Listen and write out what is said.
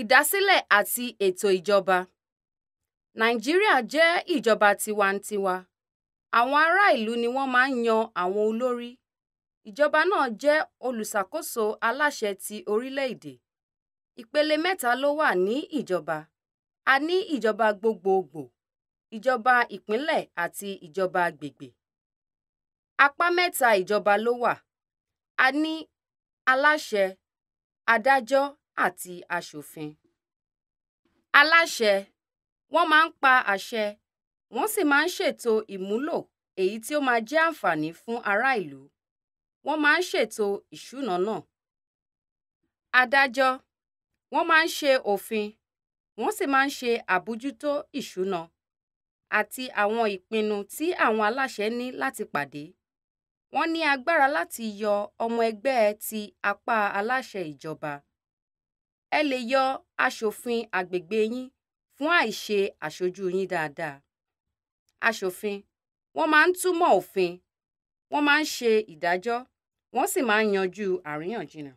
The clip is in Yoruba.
Ìdásílẹ̀ àti ètò ìjọba Nàìjíríà jẹ́ ìjọba tiwantiwa, àwọn ará ìlú ni wọ́n máa ń yan àwọn olórí, ìjọba náà jẹ́ olùṣàkóso aláṣẹ ti orílẹ̀-èdè. Ìpele mẹ́ta ló wà ní ìjọba: a ní ìjọba gbogboògbò, ìjọba ìpínlẹ̀ àti ìjọba agbègbè. Apá mẹ́ta ìjọba ló wà: a ní aláṣẹ, adájọ́ àti aṣòfin. Aláṣẹ wọ́n máa ń pa àṣẹ wọ́n sì máa ń ṣètò ìmúlò èyí tí ó máa jẹ́ àǹfààní fún ará ìlú. Wọ́n máa ń ṣètò ìṣúná náà. Adájọ́ wọ́n máa ń ṣe òfin wọ́n sì máa ń ṣe àbójútó ìṣúná àti àwọn ìpinnu tí àwọn aláṣẹ ní láti pàdé. Wọ́n ní agbára láti yọ ọmọ ẹgbẹ́ ti apá aláṣẹ ìjọba ẹ lè yọ aṣòfin àgbègbè yín fún àìṣe aṣojú yín dáadáa aṣòfin wọ́n máa ń túmọ̀ òfin wọ́n máa ń ṣe ìdájọ́ wọ́n sì máa ń yanjú àríyànjiyàn